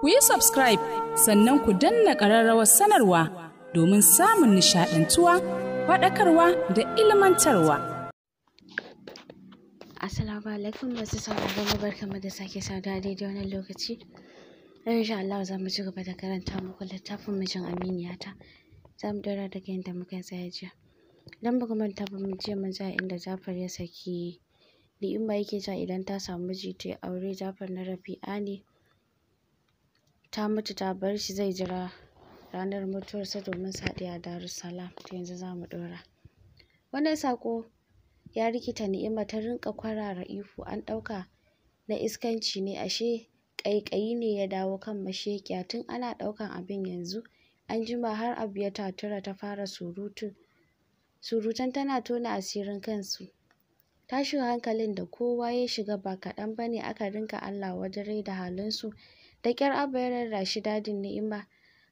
ku yi subscribe sannan ku danna ƙararrawar sanarwa domin samun nishaɗantuwa faɗakarwa da ilmantarwa. Assalamu alaikum masu sauraron mu barkamu da sake sada daidai wannan lokaci. Insha Allah za mu ci gaba da karanta muku littafin mijin aminiyata. Za mu dora daga yadda muka tsaya jiya. Don ba manta mu jiya mun tsaya inda Jafar ya saki Li'imma yake ja idan ta samu miji ta yi aure Jafar na Rabi'a ne. ta mutu ta bar shi zai jira ranar mutuwarsa domin su haɗu a Darussalam. To yanzu za mu ɗora. Wannan saƙo ya rikita Ni'ima ta rinƙa kwarara ihu an ɗauka na iskanci ne ashe ƙaiƙayi ne ya dawo kan mashekiya tun ana ɗaukan abin yanzu an jima har abu ya tatura ta fara surutu. Surutan tana tona asirin kansu. Tashin hankalin da kowa ya shiga ba kaɗan bane aka rinka Allah wadare da halinsu Da ƙyar Abba ya rarrashi dadin Ni'ima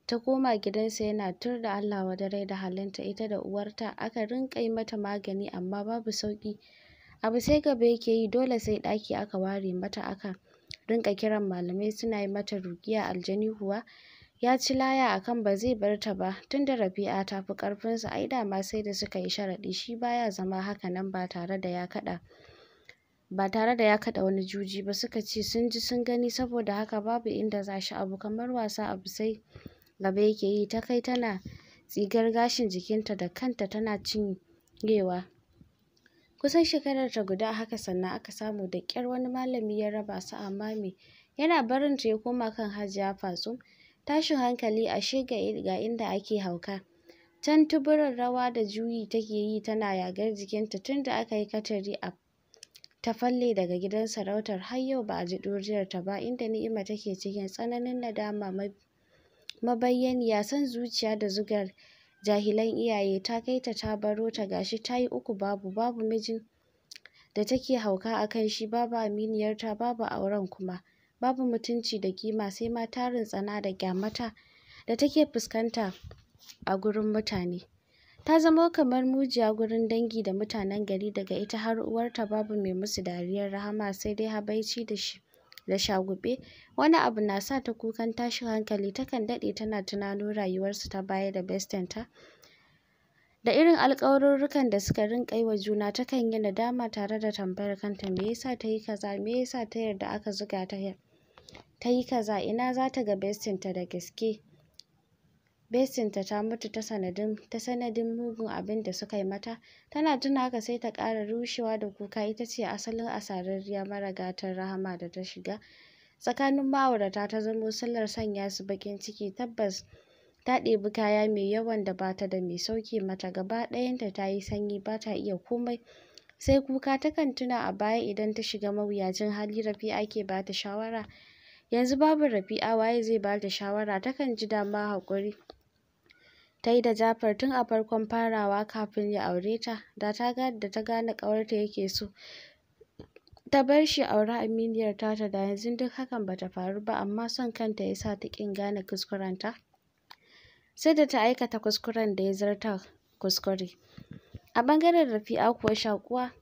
ta koma gidansa yana tur da Allah wadarai da halinta ita da uwarta aka rinƙa yi mata magani amma babu sauƙi. Abu sai gaba yake yi dole sai ɗaki aka ware mata aka rinƙa kiran malamai suna yi mata rugiya. aljani kuwa ya ci laya akan ba zai bar ta ba tunda Rabi'a ta fi ƙarfinsa ai dama sai da suka yi sharaɗi shi baya zama haka nan ba tare da ya kaɗa. ba tare da ya kaɗa wani juji ba suka ce sun ji sun gani saboda haka babu inda za shi abu kamar wasa abu sai gaba yake yi ta kai tana tsigar gashin jikinta da kanta tana cinyewa kusan shekarar ta guda haka sannan aka samu da ƙyar wani malami ya raba su amma me yana barin ta ya koma kan hajiya fatsum tashin hankali ashe ga inda ake hauka can tuburin rawa da juyi take yi tana yagar jikinta tunda aka yi katari a ta falle daga gidan sarautar har yau ba a ji ta ba inda ni'ima take cikin tsananin nadama mabayyaniya san zuciya da zugar jahilan iyaye ta kai ta ta baro ta gashi ta yi uku babu babu mijin da take hauka a kan shi babu aminiyarta babu auren kuma babu mutunci da kima sai ma tarin tsana da ƙyamata da take fuskanta a gurin mutane Ta zama kamar mujiya gurin dangi da mutanen gari daga ita har uwarta babu mai musu dariyar rahama sai dai habaici da shi. da shagube wani abu na sa ta kukan tashin hankali takan daɗe tana tunanin rayuwarsu ta baya da ta. da irin alƙawarurrukan da suka rinƙa yi wa juna takan yi nadama tare da tambayar kanta me yasa ta yi kaza me yasa ta yarda aka zuga ta ta yi kaza ina za ta ga bestinta da gaske Besinta ta mutu ta sanadin ta sanadin mugun abin da suka yi mata. Tana tuna haka sai ta ƙara rushewa da kuka ita ce asalin asararriya mara gatan rahama da ta shiga. Tsakanin ma'aurata ta zamo sallar sanya su bakin ciki tabbas ta ɗebi kaya mai yawan da ba ta da mai sauke mata gaba ɗayanta ta yi sanyi ba ta iya komai. Sai kuka takan tuna a baya idan ta shiga mawuyacin hali Rafi'a ke ba ta shawara. Yanzu babu Rafi'a waye zai ba ta shawara takan ji dama haƙuri. ta yi da Jafar tun a farkon farawa kafin ya aure ta, da ta gane ƙawarta yake so, ta bar shi ya auri aminiyar tata da yanzu duk hakan ba ta faru ba, amma son kanta ya sa ta ƙin gane kuskurenta, sai da ta aikata kuskuren da ya zarta kuskure. A ɓangaren Rafi'a kuwa shaƙuwa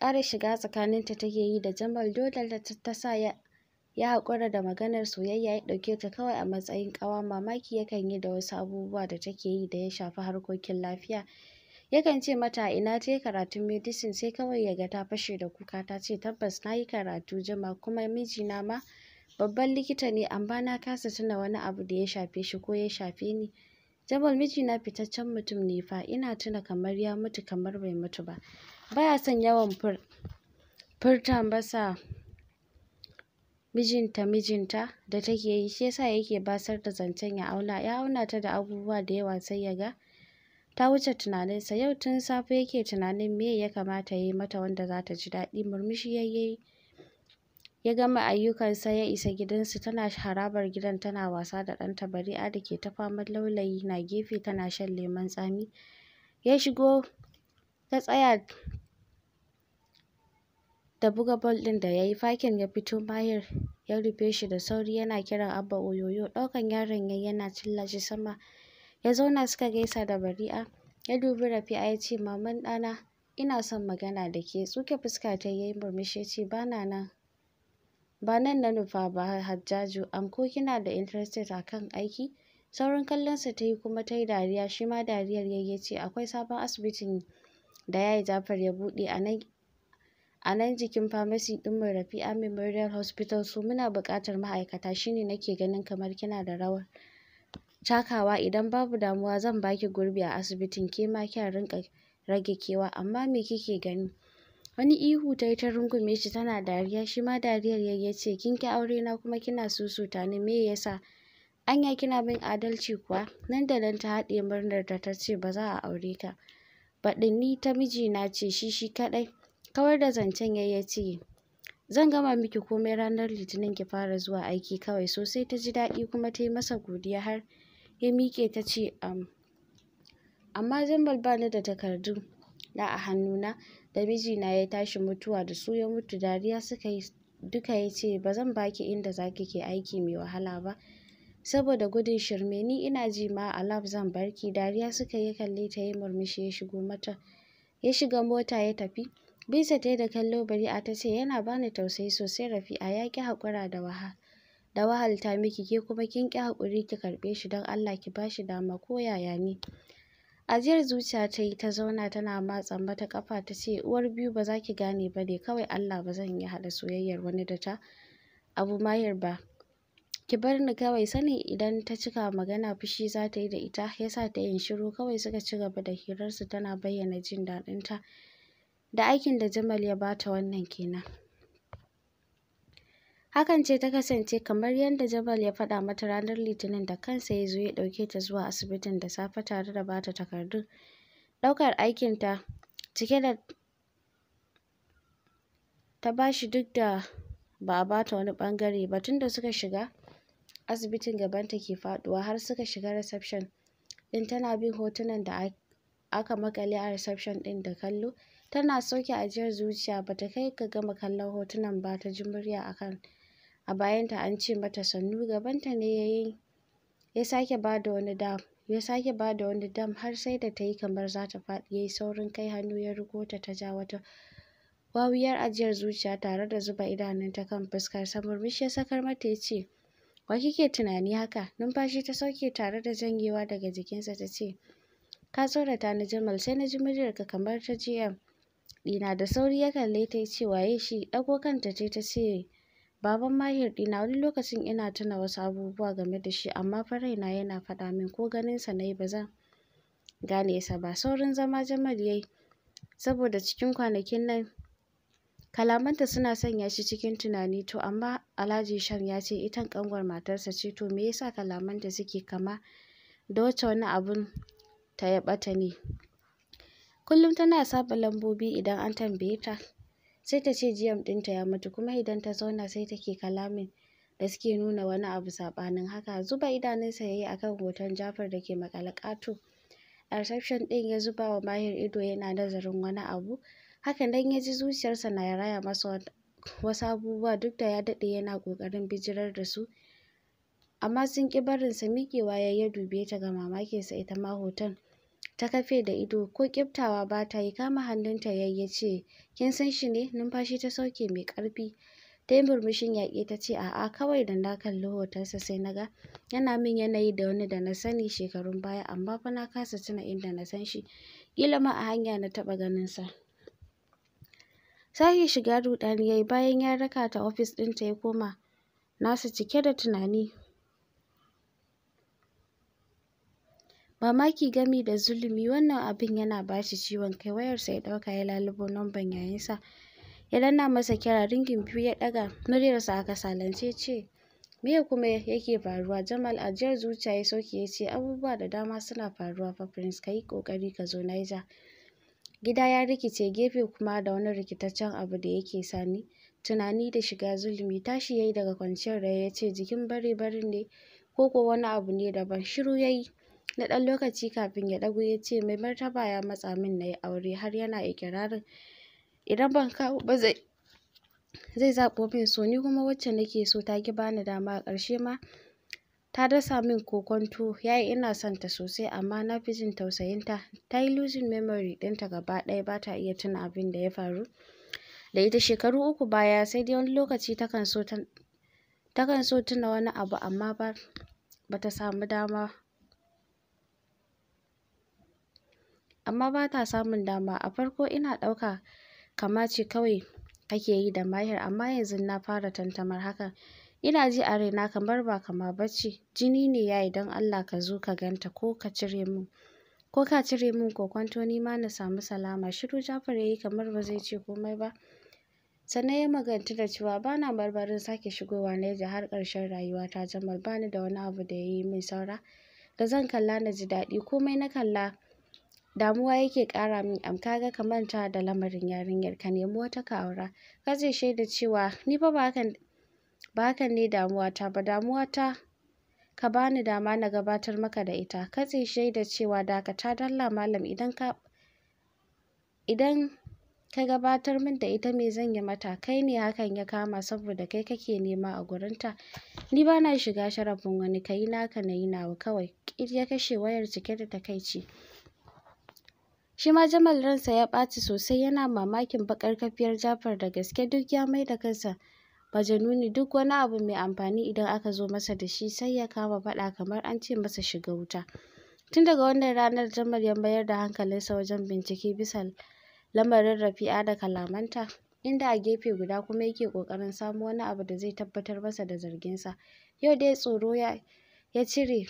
ƙara shiga tsakaninta take yi da Jamal dole ta sa ya ya haƙura da maganar soyayya ya ɗauke ta kawai a matsayin ƙawa mamaki yakan yi da wasu abubuwa da take yi da ya shafi harkokin lafiya yakan ce mata a ina ta yi karatun medicine sai kawai ya ga ta fashe da kuka ta ce tabbas na yi karatu jima kuma mijina ma babban likita ne amma na kasa tuna wani abu da ya shafe shi ko ya shafe ni Jamal, mijina fitaccen mutum ne fa ina tuna kamar ya mutu kamar bai mutu ba baya son yawan fur furta masa mijinta mijinta da take yi shi yasa yake basar da zancen ya auna ya auna ta da abubuwa da yawa sai ya ga ta wuce tunaninsa yau tun safe yake tunanin me ya kamata ya mata wanda za ta ji daɗi murmushi ya yi ya gama ayyukansa ya isa gidansu tana harabar gidan tana wasa da ɗanta bari'a da ke ta faman laulayi na gefe tana shan lemon tsami ya shigo ta tsaya da buga bol ɗin da yayi fakin ya fito mayar ya rufe shi da sauri yana kiran Abba Oyoyo ɗaukan yaron ya yana cilla shi sama ya zauna suka gaisa da Bari'a ya dubi Rafi'a ya ce maman ɗana ina son magana da ke tsuke fuska ta yayi murmushi ce ba na nan ba nan na nufa ba Hajjaju ko kina da interested akan aiki saurin kallon sa ta yi kuma ta yi dariya shi ma dariyar yayi ya ce akwai sabon asibitin da yayi Jafar ya buɗe a nan a nan jikin famasi ɗin mu rafi'a memorial hospital su muna buƙatar ma'aikata shine nake ganin kamar kina da rawar takawa idan babu damuwa zan baki gurbi a asibitin kema ma rinƙa rage kewa amma me kike gani wani ihu ta yi ta rungume shi tana dariya Shima dariyar ya ce kin ki aure na kuma kina susuta ni me yasa anya kina bin adalci kuwa nan da nan ta haɗe murnar ta ta ce ba za a aure ka baɗin ni ta mijina ce shi shi kaɗai kawar da zancen ya ya ce zan gama miki komai ranar litinin ki fara zuwa aiki kawai sosai ta ji daɗi kuma ta yi masa godiya har ya miƙe ta ce amma zambal ba da takardu na a hannuna da mijina ya tashi mutuwa da su ya mutu dariya suka yi duka ya ce ba zan baki inda ki ke aiki mai wahala ba saboda gudun shirme ni ina ji ma a lab zan barki dariya suka yi kalle ta yi murmushi ya shigo mata ya shiga mota ya tafi Bisa ta da kallo bari a ta ce yana bani tausayi sosai Rafi'a ya ƙi haƙura da waha. Da wahalta miki ke kuma kin ƙi haƙuri ki karɓe shi don Allah ki ba shi dama ko yaya ne. Ajiyar zuciya ta yi ta zauna tana matsa mata ƙafa ta ce uwar biyu ba za ki gane ba ne kawai Allah ba zan iya haɗa soyayyar wani da ta abu mayar ba. Ki bar ni kawai sanin idan ta cika magana fushi za ta yi da ita ya sa ta yin shiru kawai suka ci gaba da hirarsu tana bayyana jin daɗin ta. da aikin da Jamal ya bata wannan kenan. Hakan ce ta kasance kamar yadda Jamal ya faɗa mata ranar Litinin da kansa ya zo ya ɗauke ta zuwa asibitin da safe tare da bata takardun ɗaukar aikinta cike da ta bashi duk da ba a bata wani ɓangare ba tunda suka shiga asibitin gaban ta ke faɗuwa har suka shiga reception ɗin tana bin hotunan da aka maƙale a reception ɗin da kallo Tana sauke ajiyar zuciya Bata kai ga gama kallon hotunan ba ta murya a kan a bayanta an ce mata sannu gabanta ne ya yi ya sake bada wani dam ya sake bada wani dam har sai da tayi kamar zata ta faɗi ya saurin kai hannu ya riko ta ta ja wata wawiyar ajiyar zuciya tare da zuba idanunta kan fuskar sa murmushi ya sakar mata yace wa kike tunani haka numfashi ta sauke tare da janyewa daga jikinsa ta ce ka tsorata ni Jamal sai na ji muryarka kamar ta GM ɗina da sauri ya kalle ta ya ce waye shi ɗago kanta ce ta ce baban mahir ɗina wani lokacin ina tuna wasu abubuwa game da shi amma fa raina yana faɗa min ko ganinsa na yi ba zan gane sa ba saurin zama jamal yayi saboda cikin kwanakin nan kalamanta suna sanya shi cikin tunani to amma alhaji Shan ya ce ita ƙanwar matarsa ce to me yasa kalamanta suke kama da wacce wani abun ta ya ɓata ne Kullum tana saba lambobi idan an tambaye ta. Sai ta ce jiyan ɗinta ya mutu kuma idan ta zauna sai take kalamin da suke nuna wani abu saɓanin haka. Zuba idanunsa ya yi a kan hoton Jafar da ke maƙale ƙato. A reception ɗin ya zuba wa Mahir ido yana nazarin wani abu. Haka dan ya ji zuciyarsa na raya masa wasu abubuwa duk da ya daɗe yana ƙoƙarin bijirar da su. Amma sun ƙi barinsa miƙewa ya ya dube ta ga mamakinsa ita ma hoton ta kafe da ido ko ƙiftawa ba ta yi kama hannunta ya yi ya ce kin san shi ne numfashi ta sauke mai ƙarfi ta yi murmushin yaƙi ta ce a'a kawai da na kalli hotonsa sai na ga yana min yanayi da wani da na sani shekarun baya amma fa na kasa tuna inda na san shi ƙila ma a hanya na taɓa ganinsa sake shiga ruɗani yayi bayan ya raka ta ofis ɗinta ya koma nasa cike da tunani mamaki gami da zulumi wannan abin yana bashi ciwon kai wayarsa ya ɗauka ya lalubo namban yayinsa ya danna masa kira ringin biyu ya ɗaga muryarsa aka salance ce meye kuma yake faruwa jamal ajiyar zuciya ya sauke ya ce abubuwa da dama suna faruwa fa prince ka yi ƙoƙari ka zo niger gida ya rikice gefe kuma da wani rikitaccen abu da yake sani tunani da shiga zulumi tashi yayi daga kwanciyar da ya ce jikin bare bare ne koko wani abu ne daban shiru yayi na ɗan lokaci kafin ya ɗago ya ce mai martaba ya matsa min na yi aure har yana ikirarin idan ban kawo ba zai zai zaɓo min so ni kuma wacce nake so ta ki bani dama a ƙarshe ma ta dasa min ya yayi ina son ta sosai amma na fi jin tausayin ta yi losing memory ɗinta gaba ɗaya ba ta iya tuna abin da ya faru da ita shekaru uku baya sai dai wani lokaci takan so takan so tuna wani abu amma ba bata samu dama amma ba ta samun dama. A farko ina ɗauka kama ce kawai kake yi da Mahir amma yanzu na fara tantamar hakan. Ina ji a raina kamar ba kama ba ce, jini ne yayi don Allah ka zo ka ganta ko ka cire min ko ka cire min kokwanto ni ma na samu salama. Shiru Jafar yayi kamar ba zai ce komai ba. Sannan ya magantu da cewa bana barbarin sake shigowa Neja har ƙarshen rayuwata Jamal bani da wani abu da yayi min saura da zan kalla na ji daɗi komai na kalla damuwa yake ƙara min am kaga ka manta da lamarin yarinyar ka nemi wata ka aura ka zai shaida cewa ni fa ba hakan ba hakan ne damuwata ba damuwata ka bani dama na gabatar maka da ita ka zai shaida cewa dakata dalla malam idan ka idan ka gabatar min da ita me zan yi mata kai ne hakan ya kama saboda kai kake nema a gurinta ni ba na shiga sharafin wani kayi naka nayi nawa kawai ƙir ya kashe wayar cike da takaici Shi ma Jamal ransa ya ɓaci sosai yana mamakin baƙar kafiyar Jafar da gaske duk ya mai da kansa majanuni duk wani abu mai amfani idan aka zo masa da shi sai ya kama faɗa kamar an ce masa shiga wuta. Tun daga wannan ranar Jamal ya mayar da hankalinsa wajen bincike bisa lamarin Rafi'a da kalamanta, inda a gefe guda kuma yake ƙoƙarin samo wani abu da zai tabbatar masa da zarginsa. Yau dai tsoro ya cire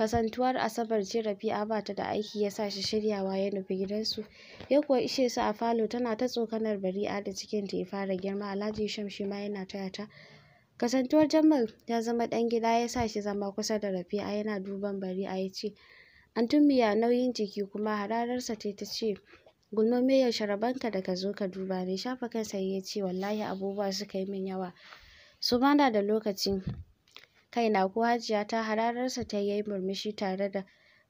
Kasantuwar Asabar ce Rabi'a ba ta da aiki ya sa shi shiryawa ya nufi gidansu. Ya kuwa ishe su a falo tana ta tsokanar Bari'a da cikin ta ya fara girma Alhaji Hisham ma yana taya ta. Kasantuwar Jamal ya zama ɗan gida ya sa shi zama kusa da Rabi'a yana duban Bari'a ya ce, Antummi ya nauyin jiki kuma hararsa ta ta ce, Gulma me yaushe rabanka da ka zo ka duba ne shafa kansa ya ce wallahi abubuwa suka yi min yawa. Su bana da lokaci kaina ko hajiya ta hararsa ta yi murmushi tare da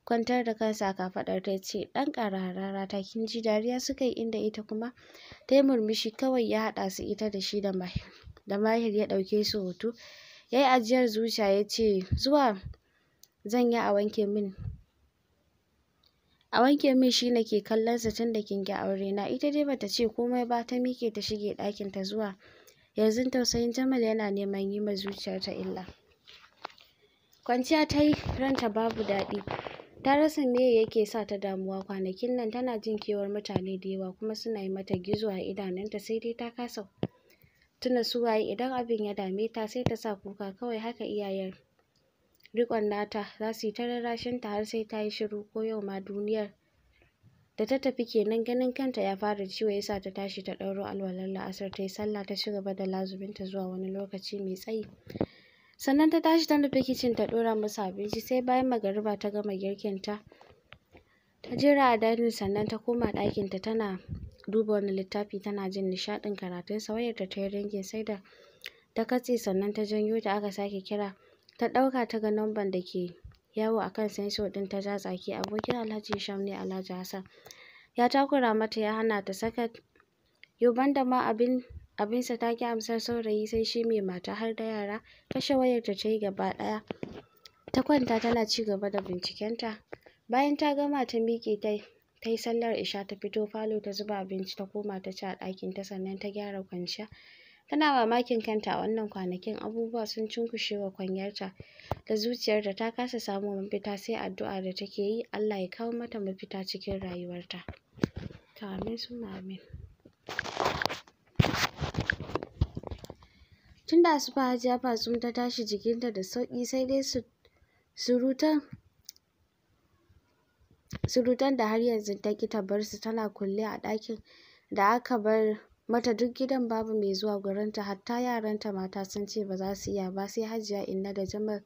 kwantar da kansa a kafaɗar ta ce ɗan ƙara ta kin ji dariya suka yi inda ita kuma ta yi murmushi kawai ya haɗa su ita da shi da mahir da mahir ya ɗauke su hoto ya yi ajiyar zuciya ya ce zuwa zan yi a wanke min a wanke min shi nake ke kallon sa tun da kin ga aure na ita dai bata ce komai ba ta miƙe ta shige ɗakinta zuwa yanzu tausayin jamal yana neman yi ma zuciyarta illa Kwanciya ta yi ranta babu daɗi. Ta rasa me yake sa ta damuwa kwanakin nan tana jin kewar mutane da yawa kuma suna yi mata gizo a idanunta sai dai ta kasa tuna su idan abin ya dame ta sai ta sa kuka kawai haka iyayen riƙon nata za su yi ta ta har sai ta yi shiru ko yau ma duniyar da ta tafi kenan ganin kanta ya fara ciwo ya sa ta tashi ta ɗauro alwalar la'asar ta yi sallah ta ci gaba da lazuminta zuwa wani lokaci mai tsayi. sannan ta tashi ta nufi kicin ta ɗora musu abinci sai bayan magariba ta gama girkin ta jira a dining sannan ta koma ɗakinta tana duba wani littafi tana jin nishaɗin karatun sa. wayar ta yi ringin sai da ta katse sannan ta janyo ta aka sake kira ta ɗauka ta ga namban da ke yawo a kan sensor ɗin ta ja tsaki abokin alhaji hisham ne alhaji hassan ya takura mata ya hana ta saka yo banda ma abin abinsa ta ki amsar saurayi sai shi mai mata har da yara kashe wayarta ta yi gaba ɗaya ta kwanta tana ci gaba da bincikenta bayan ta gama ta miƙe ta ta yi sallar isha ta fito falo ta zuba abinci ta koma ta ci a ɗakinta sannan ta gyara kwanciya tana mamakin kanta a wannan kwanakin abubuwa sun cunkushe wa kwanyarta da zuciyarta ta kasa samun mafita sai addu'a da take yi Allah ya kawo mata mafita cikin rayuwarta to amin suma amin tun da asuba hajiya bazum ta tashi jikinta da sauƙi sai dai surutan da har yanzu ta ta bar su tana kulle a ɗakin da aka bar mata duk gidan babu mai zuwa gurinta hatta yaranta mata sun ce ba za su iya ba sai hajiya inna da jamal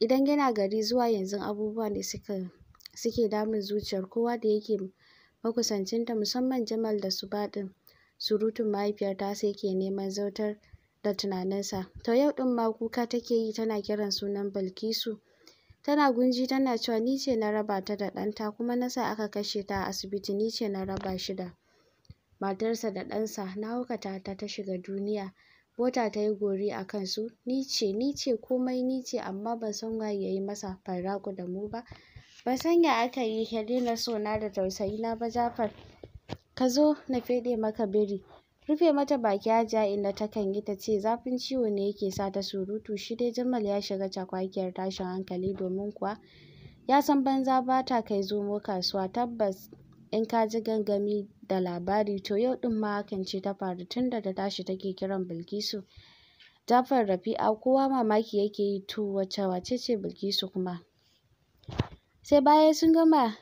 idan yana gari zuwa yanzu abubuwa ne suke damun zuciyar kowa da yake makusancinta musamman jamal da su baɗin surutun mahaifiyar ta sai ke neman zautar da tunaninsa to yau ɗin ma kuka take yi tana kiran sunan bilkisu tana gunji tana cewa ni ce na raba ta da ɗanta kuma na sa aka kashe ta a asibiti ni ce na raba shi da matarsa da ɗansa na hukata ta ta shiga duniya mota ta yi gori a kansu ni ce ni ce komai ni ce amma ban san waye ya yi masa farraku da mu ba ban san ya aka yi ya daina na da tausayi na ba jafar ka zo na feɗe maka biri rufe mata baki jiya inda takan yi ta ce zafin ciwo ne yake sa ta surutu shi dai jamal ya shiga cakwakiyar tashin hankali domin kuwa ya san banza ba ta kai zomo kasuwa tabbas in ka ji gangami da labari to yau ɗin ma hakan ce ta faru tunda da ta tashi take kiran bilkisu jafar rafi'a kowa mamaki yake yi to wace wace ce bilkisu kuma sai baya sun gama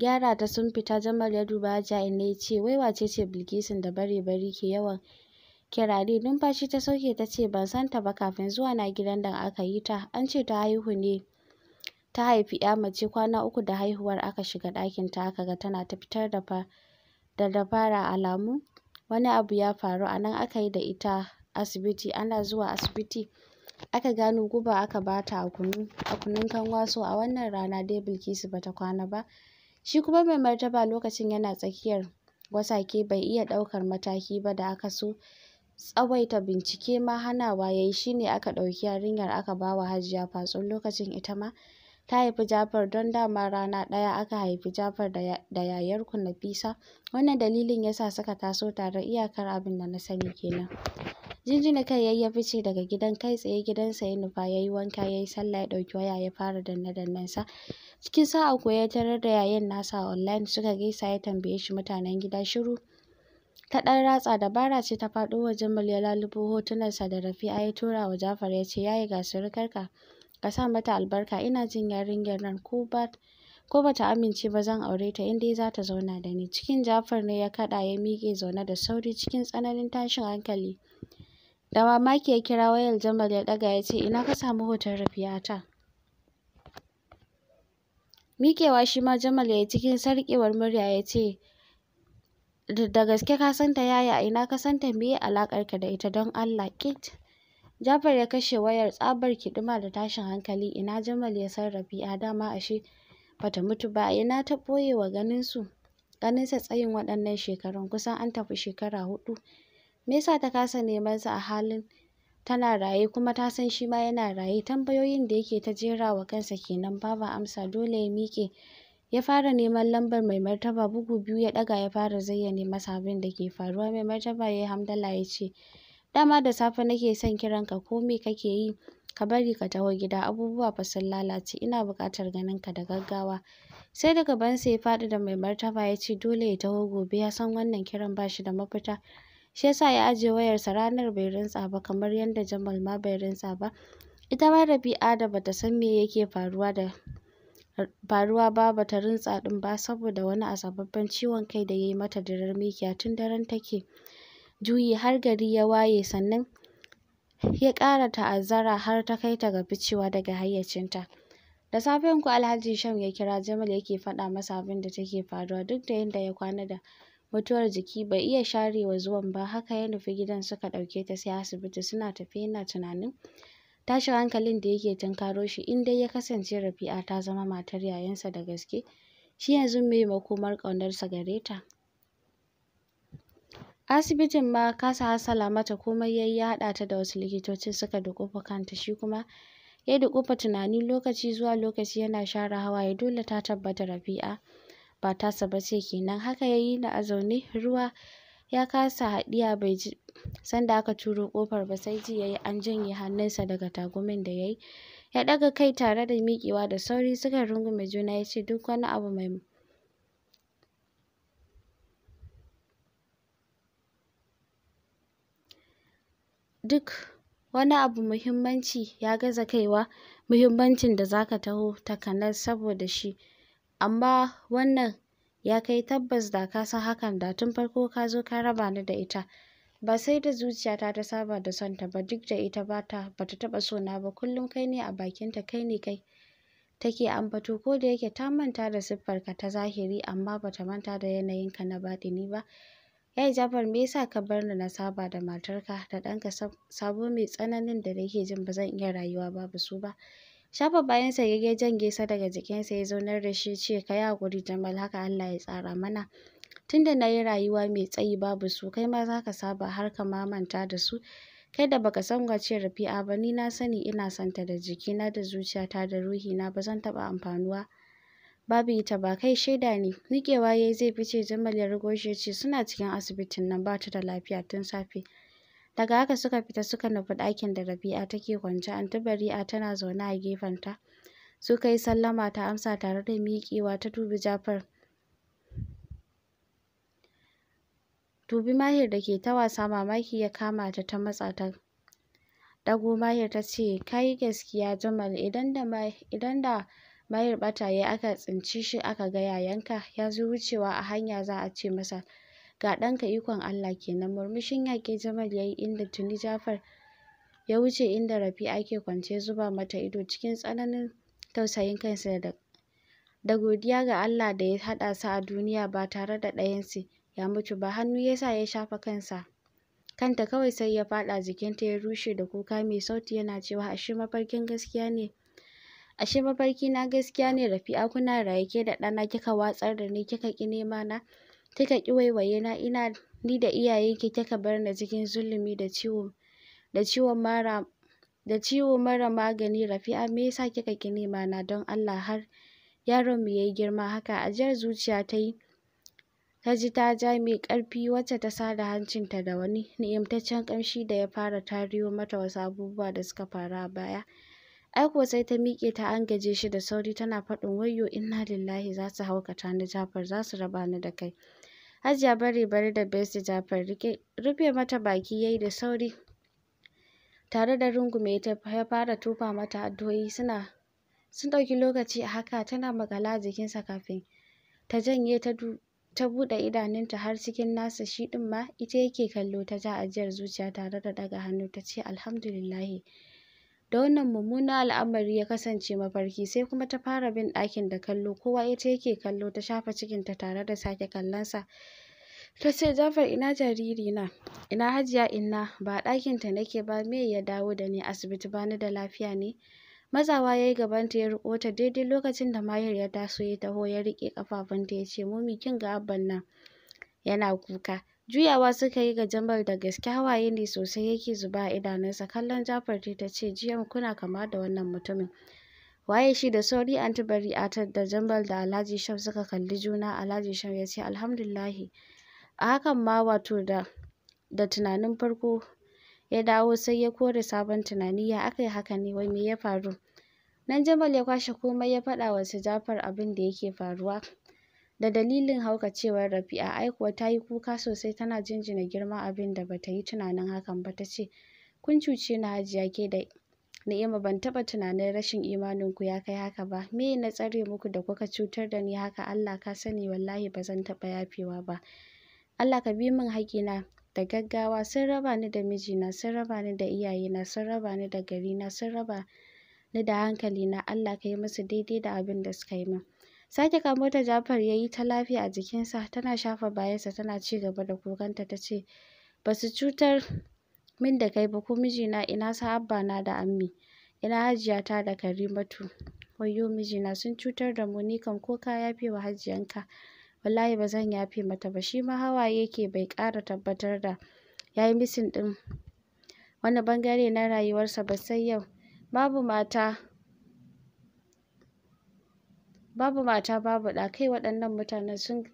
gyara ta sun fita Jamal ya duba jayin inda ce wai wace ce Bilkisun da bare-bari ke yawan kirare numfashi ta sauke ta ce ban san ta ba kafin zuwa na gidan da aka yi ta an ce ta haihu ne ta haifi ya mace kwana uku da haihuwar aka shiga ɗakin ta aka ga tana ta fitar da fa da alamu wani abu ya faru a nan aka yi da ita asibiti ana zuwa asibiti aka gano guba aka bata a kunu a kunun kanwa a wannan rana dai Bilkisu bata kwana ba Shi kuma mai martaba lokacin yana tsakiyar wasake bai iya ɗaukar mataki ba da aka so tsawaita bincike ma hanawa ya yi shi ne aka ɗauki yarinyar aka bawa Hajiya Fatsun lokacin ita ma ta haifi Jafar don dama rana ɗaya aka haifi Jafar da yayar yayarku Nafisa. Wannan dalilin ya sa suka taso tare iyakar abin da na sani kenan. Jinjina kai yayi ya fice daga gidan kai tsaye gidan sa ya nufa ya yi wanka yayi sallah ya dauki waya ya fara dannan sa Cikin sa'a ko ya tarar da yayin nasa online suka gaisa ya tambaye shi mutanen gida shiru. Ta dan ratsa dabara ce ta faɗo wajen Jamal Lalubo hotunan sa da Rafi'a ya tura wa Jafar ya ce yayi ga surukarka ka sa mata albarka ina jin yarinyar nan ko ba ko bata amince ba zan aure ta in dai za ta zauna da ni cikin Jafar ne ya kaɗa ya mike zaune da sauri cikin tsananin tashin hankali. Da mamaki ya kira wayar Jamal ya ɗaga ya ce, Ina ka samu hoton Rafiyata? Miƙewa shi ma Jamal ya yi cikin sarƙewar murya ya ce, Da gaske ka santa yaya ina ka santa meye alaƙarka da ita don Allah kit. Jafar ya kashe wayar tsabar kiɗima da tashin hankali ina Jamal ya san rafiya, dama ashe bata mutu ba ina ta ɓoye wa ganin sa tsayin waɗannan shekarun kusan an tafi shekara hudu. Me yasa ta kasa neman sa a halin tana raye kuma ta san shi ma yana raye? Tambayoyin da yake ta jera wa kansa kenan Baba amsa dole ya miƙe ya fara neman lambar mai martaba bugu biyu ya ɗaga ya fara zayyane masa abin da ke faruwa mai martaba ya yi hamdala ya ce dama da safe nake son kiran ka, ko me kake yi ka bari ka taho gida abubuwa fa sun lalace ina buƙatar ganin ka da gaggawa sai daga bansa ya faɗi da mai martaba ya ce dole ya taho gobe ya san wannan kiran ba shi da mafita Shi yasa ya ajiye wayarsa ranar bai rintsa ba kamar yadda Jamal ma bai rintsa ba. Ita ma Rabi'a da bata san me yake faruwa da faruwa ba bata rintsa ɗin ba saboda wani azababben ciwon kai da yayi mata dirar mikiya tun daren take juyi har gari ya waye sannan ya ƙara ta'azzara har ta kai ta ga ficewa daga hayyacinta. Da safen ku Alhaji Sham ya kira Jamal yake faɗa masa abin da take faruwa duk da yadda ya kwana da mutuwar jiki bai iya sharewa zuwan ba haka ya nufi gidan suka ɗauke ta sai asibiti suna tafe yana tunanin tashin hankalin da yake tunkaro shi in dai ya kasance Rabi'a ta zama matar yayansa da gaske shi yanzu me makomar ƙaunarsa gare ta asibitin ma kasa hasala mata komai yayi ya haɗa ta da wasu likitocin suka duƙufa kanta shi kuma ya duƙufa tunani lokaci zuwa lokaci yana share hawaye dole ta tabbata Rabi'a ba tasa ba ce kenan haka ya yi ni a ruwa ya kasa haɗiya bai ji sanda aka turo ƙofar ba sai ji ya yi an janye hannunsa daga tagumin da ya yi ya ɗaga kai tare da miƙewa da sauri suka rungume juna ya ce duk wani abu mai duk wani abu muhimmanci ya gaza kaiwa muhimmancin da zaka taho takanas saboda shi Amma wannan ya kai tabbas da ka san hakan da tun farko ka zo ka raba ni da ita. Ba sai da zuciyata ta saba da son ta ba duk da ita ba ta taɓa so na ba kullum kai ne a bakin ta kai ne kai take ambato ko da yake ta manta da siffarka ta zahiri amma ba ta manta da yanayinka na ni ba. yai Jafar me yasa ka bar ni na saba da matarka da ɗanka sabo mai tsananin da nake jin ba zan iya rayuwa babu su ba. Shafa bayansa ya yi jan gesa daga jikinsa ya zaunar da shi ce ka yi Jamal haka Allah ya tsara mana. Tunda na yi rayuwa mai tsayi babu su kai ma za ka saba har ka mamanta da su. Kai da baka san wace Rafi'a ba ni na sani ina santa da jikina da zuciyata da ruhina ba zan taba amfanuwa. Babu ita ba kai shaida ne. Nikewa yayi zai fice Jamal ya rigo shi ya suna cikin asibitin nan bata da lafiya tun safe. Daga haka suka fita suka nufi ɗakin da Rabi'a take kwance, Anti Bari'a tana zaune a gefenta. Suka yi sallama ta amsa tare da miƙewa ta dubi Jafar. Dubi Mahir da ke ta wasa mamaki ya kama ta ta matsa ta. Dago Mahir ta ce, ka yi gaskiya Jamal idan da idan da Mahir ɓata ya aka tsinci shi aka ga yayanka ya zo wucewa a hanya za a ce masa ga ɗanka ikon Allah kenan murmushin yaƙi Jamal yayi yi inda tuni Jafar ya wuce inda Rafi'a ke kwance zuba mata ido cikin tsananin tausayin kansa da da godiya ga Allah da ya haɗa su a duniya ba tare da ɗayansu ya mutu ba hannu ya sa ya shafa kansa kanta kawai sai ya faɗa jikinta ya rushe da kuka mai sauti yana cewa ashe mafarkin gaskiya ne ashe mafarki na gaskiya ne Rafi'a kuna raye ke da ɗana kika watsar da ni kika ƙi nema na kika ƙi na ina ni da iyayenki kika bar ni cikin zulumi da ciwo da ciwon mara da ciwo mara magani Rafi'a me yasa kika ƙi nema na don Allah har yaron mu yayi girma haka ajiyar zuciya ta yi ta ji ta ja mai ƙarfi wacce ta sada hancinta da wani ni'imtaccen ƙamshi da ya fara tariyo mata wasu abubuwa da suka faru a baya ai kuwa sai ta miƙe ta angaje shi da sauri tana faɗin wayyo inna lillahi za su haukata ni Jafar za su raba ni da kai Hajiya bari bari da Besti Jafar rufe mata baki yayi da sauri tare da rungume ta ya fara tufa mata addu'o'i suna sun ɗauki lokaci a haka tana maƙala a jikinsa kafin ta janye ta ta buɗe idanunta har cikin nasa shi ɗin ma ita yake kallo ta ja ajiyar zuciya tare da ɗaga hannu ta ce alhamdulillahi Da wannan mummunan al'amari ya kasance mafarki, sai kuma ta fara bin ɗakin da kallo, kowa ita yake kallo, ta shafa cikinta tare da sake kallonsa. Ta ce, Jafar ina jariri na? Ina Hajiya inna? Ba ɗakinta nake ba, me ya dawo da ni asibiti bani da lafiya ne? Mazawa ya yi gabanta ya riƙo ta daidai lokacin da Mahir ya taso ya taho ya riƙe ƙafafunta ya ce, Mummy kin ga Abban nan yana kuka. Juyawa suka yi ga Jamal da gaske hawaye ne sosai yake zuba a idanunsa kallon Jafar ta ce jiyan kuna kama da wannan mutumin. Waye shi da sauri anti bari atar da Jamal da Alhaji Sham suka kalli juna Alhaji Sham ya ce alhamdulillahi a hakan ma wato da tunanin farko ya dawo sai ya kore sabon tunani ya aka yi haka ne wai me ya faru. Nan Jamal ya kwashe komai ya faɗa wa Jafar abin da yake faruwa da dalilin haukacewar Rafi'a ai kuwa ta yi kuka sosai tana jinjina girman abin da ba yi tunanin hakan ba tace Kun cuce ni hajiya ke da na'ima ban taɓa tunanin rashin imanin ku ya kai haka ba, me na tsare muku da kuka cutar da ni haka Allah ka sani wallahi ba zan taɓa yafewa ba. Allah ka bi min haƙina da gaggawa sun raba ni da mijina, sun raba ni da iyayena, sun raba ni da garina, sun raba ni da hankalina, Allah ka yi musu daidai da abin da suka yi min. Sake kamo ta Jafar ya yi ta lafiya a jikinsa, tana shafa bayansa tana ci gaba da kukanta ta ce, Ba su cutar min da kai ba ko mijina ina sa'abba na da ammi, ina hajiya ta da karimatu. Wayyo mijina sun cutar da mu ni kan ko ka yafe wa hajiyanka. Wallahi ba zan yafe mata ba, shi ma hawaye yake bai ƙara tabbatar da ya yi misin ɗin wani bangare na rayuwarsa ba sai yau. Babu mata babu mata babu ɗa kai waɗannan mutanen sun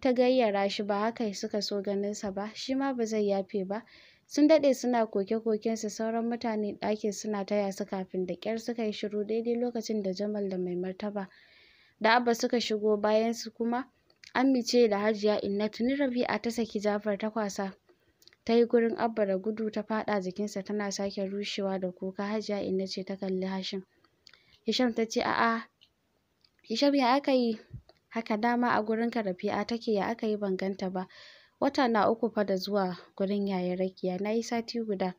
ta gayyara shi ba haka suka so ganinsa ba shi ma ba zai yafe ba sun daɗe suna koke-kokensu sauran mutane ɗakin suna taya su kafin da ƙyar suka yi shiru daidai lokacin da Jamal da mai martaba da Abba suka shigo bayan su kuma Amice da Hajiya Inna tuni Rabi'a ta saki Jafar ta kwasa ta yi gurin Abba da gudu ta faɗa jikinsa tana sake rushewa da kuka Hajiya Inna ce ta kalli Hashim Hisham ta ce a'a Hisham ya aka yi haka dama a gurin gurinka Rabi'a take ya aka yi ban ganta ba. Wata na uku fa da zuwa gurin yayin Rakiya na yi sati guda.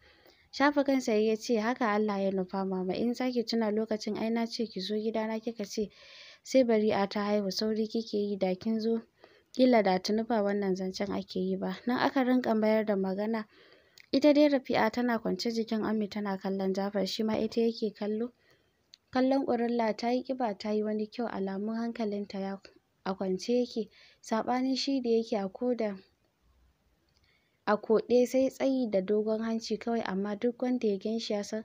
Shafa kansa ya ce haka Allah ya nufa mama in zaki tuna lokacin ai na ce ki zo gidana kika ce sai bari'a ta haihu sauri kike yi da kin zo kila da tuni ba wannan zancen ake yi ba nan aka rinka mayar da magana ita dai Rafi'a tana kwance jikin Ami tana kallon Jafar shi ma ita yake kallo kallon ƙurilla ta yi ƙiba ta yi wani kyau alamun hankalinta ya a kwance yake saɓanin shi da yake a koda a koɗe sai tsayi da dogon hanci kawai amma duk wanda ya gan shi ya san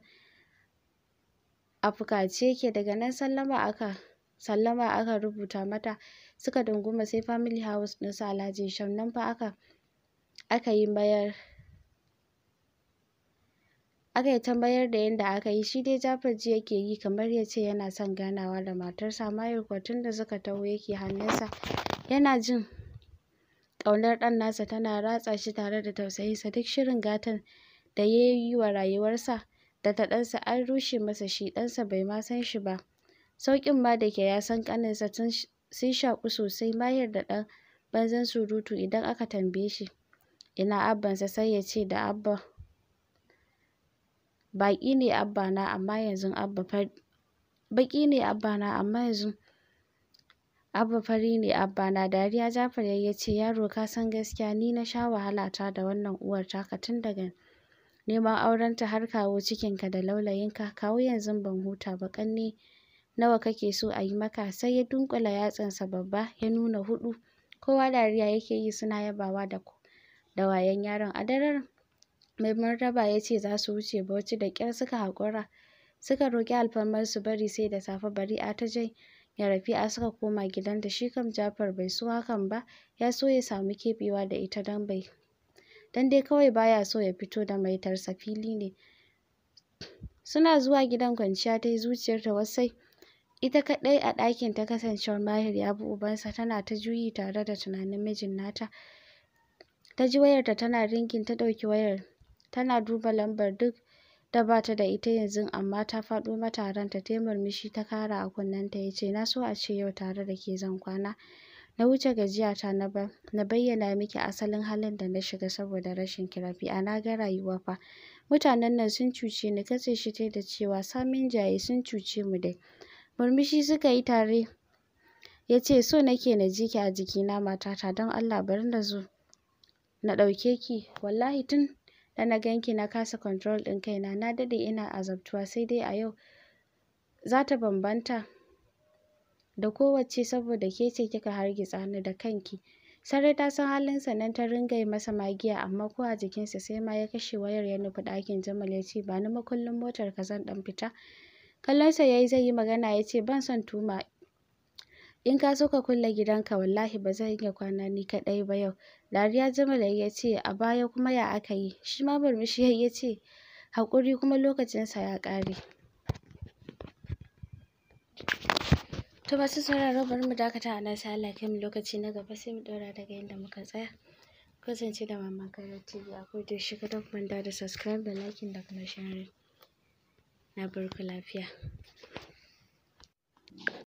a fukace yake daga nan sallama aka sallama aka rubuta mata suka dunguma sai family house ɗinsu su alhaji shannan nan fa aka aka yi mayar aka yi tambayar da yadda aka yi shi dai jafar ji yake yi kamar ya ce yana son ganawa da matarsa amma kuwa da suka taho yake hannunsa yana jin ƙaunar ɗan nasa tana ratsa shi tare da tausayinsa duk shirin gatan da ya yi wa rayuwarsa da ta ɗansa an rushe masa shi ɗansa bai ma san shi ba sauƙin ma da ke ya san ƙaninsa sun shaƙu sosai mayar da ɗan banzan surutu idan aka tambaye shi ina abbansa sai ya ce da abba baƙi ne abba na amma yanzu abba fari ne abba na dariya Jafar ya ce yaro ka san gaskiya ni na sha wahala ta da wannan uwar taka tun daga neman aurenta har kawo cikinka da laulayinka kawo yanzu ban huta ba ƙanne nawa kake so a yi maka sai ya yatsan yatsansa babba ya nuna huɗu kowa dariya yake yi suna yabawa da wayan yaron a daren mai martaba ya ce za su wuce bauchi da ƙyar suka haƙura suka roƙi alfarmar su bari sai da safe a ta je ya a suka koma gidanta shi kam jafar bai so hakan ba ya so ya samu keɓewa da ita don bai dai kawai baya so ya fito da maitarsa fili ne suna zuwa gidan kwanciya ta yi zuciyarta wasai ita kaɗai a ɗakin ta kasancewar mahir ya bi ubansa tana ta juyi tare da tunanin mijin nata ta ji wayarta tana ringin ta ɗauki wayar Tana duba lambar duk da bata da ita yanzu, amma ta faɗo mata a ranta ta yi murmushi ta kara a kunnenta ta ce, Na so a ce yau tare da ke zan kwana. Na wuce gajiya ta na bayyana miki asalin halin da na shiga saboda rashin ki Rabi'a na ga rayuwa fa. Mutanen nan sun cuce ni katse shi tai da cewa samin jaye sun cuce mu dai. Murmushi suka yi tare yace so nake na ji ki a jikina matata don Allah bari na zo na ɗauke ki wallahi tun da na ganki na kasa control ɗin kaina na daɗe ina azabtuwa sai dai a yau zata ta bambanta da kowacce saboda ke ce kika hargitsa ni da kanki Sarai ta san halin sa nan ta ringa masa magiya amma ko a jikinsa sai ma ya kashe wayar ya nufi ɗakin Jamal ya ce ba ni makullin motar ka zan ɗan fita. Kallonsa ya yi zai yi magana ya ce ban son tuma in ka so ka kulle gidanka wallahi ba zan iya kwana ni kaɗai ba yau dariya jamala ya ce a baya kuma ya aka yi shi ma murmushi ya ce haƙuri kuma lokacinsa ya ƙare to masu sauraro bari mu dakata a nan sai Allah kai mu lokaci na gaba sai mu ɗora daga inda muka tsaya kasance da Maman Kara TV a koda yaushe kada ku manta da subscribe da liking da kuma sharing na barku lafiya